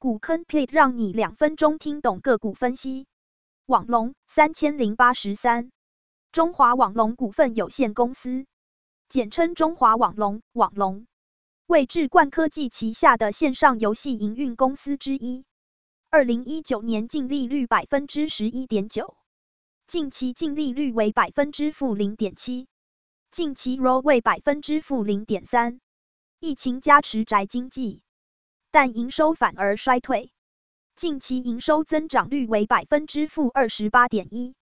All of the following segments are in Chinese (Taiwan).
股坑派，讓你兩分鐘聽懂個股分析。網龍三千零八十三，中華網龍股份有限公司，簡稱中華網龍，網龍為智冠科技旗下的線上遊戲營運公司之一。二零一九年淨利率百分之十一點九，近期淨利率為百分之負零點七，近期 ROE 為百分之負零點三。疫情加持宅經濟。但營收反而衰退，近期營收增長率為百分之負二十八點一，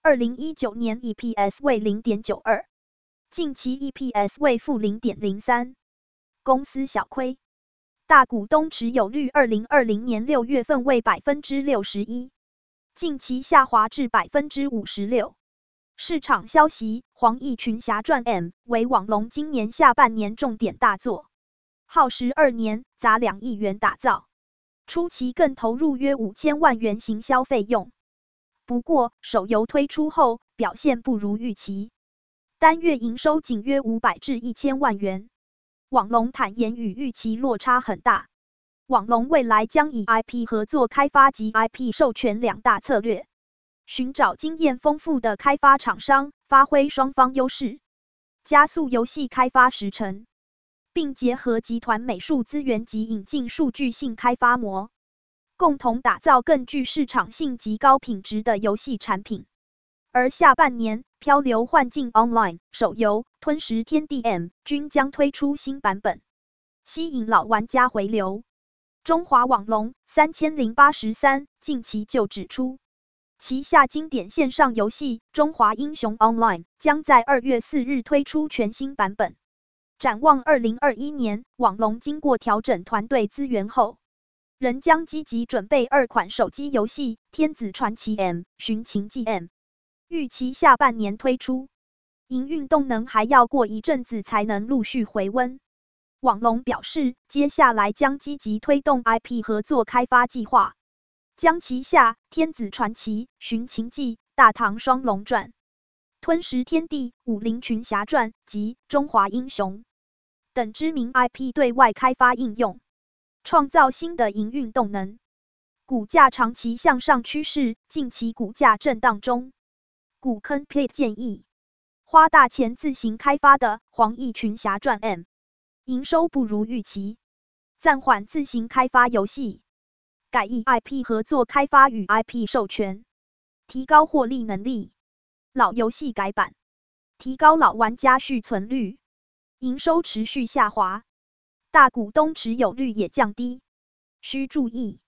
二零一九年 EPS 為零點九二，近期 EPS 為負零點零三，公司小虧。大股東持有率二零二零年六月份為百分之六十一，近期下滑至百分之五十六。市場消息，《黃易群俠傳 M》為網龍今年下半年重點大作。耗時二年，砸兩億元打造，初期更投入約五千萬元行銷費用。不過，手遊推出後表現不如預期，單月營收僅約五百至一千萬元。網龍坦言，與預期落差很大。網龍未來將以 IP 合作開發及 IP 授權兩大策略，尋找經驗豐富的開發廠商，發揮雙方優勢，加速遊戲開發時程。並結合集團美術資源及引進數據性開發模，共同打造更具市場性及高品質的遊戲產品。而下半年，《漂流幻境 Online》手遊《吞食天地 M》均將推出新版本，吸引老玩家回流。中華網龍三千零八十三近期就指出，旗下經典線上遊戲《中華英雄 Online》將在二月四日推出全新版本。展望二零二一年，網龍經過調整團隊資源後，仍將積極準備二款手機遊戲《天子傳奇 M》《尋秦記 M》，預期下半年推出。營運動能還要過一陣子才能陸續回溫。網龍表示，接下來將積極推動 IP 合作開發計劃，將旗下《天子傳奇》《尋秦記》《大唐雙龍傳》《吞食天地》《武林群俠傳》及《中華英雄》。等知名 IP 對外開發應用，創造新的營運動能。股價長期向上趨勢，近期股價震盪中。股坑 play 建議，花大錢自行開發的《黃易群俠傳 M》，營收不如預期，暫緩自行開發遊戲，改以 IP 合作開發與 IP 授權，提高獲利能力。老遊戲改版，提高老玩家續存率。營收持續下滑，大股東持有率也降低，需注意。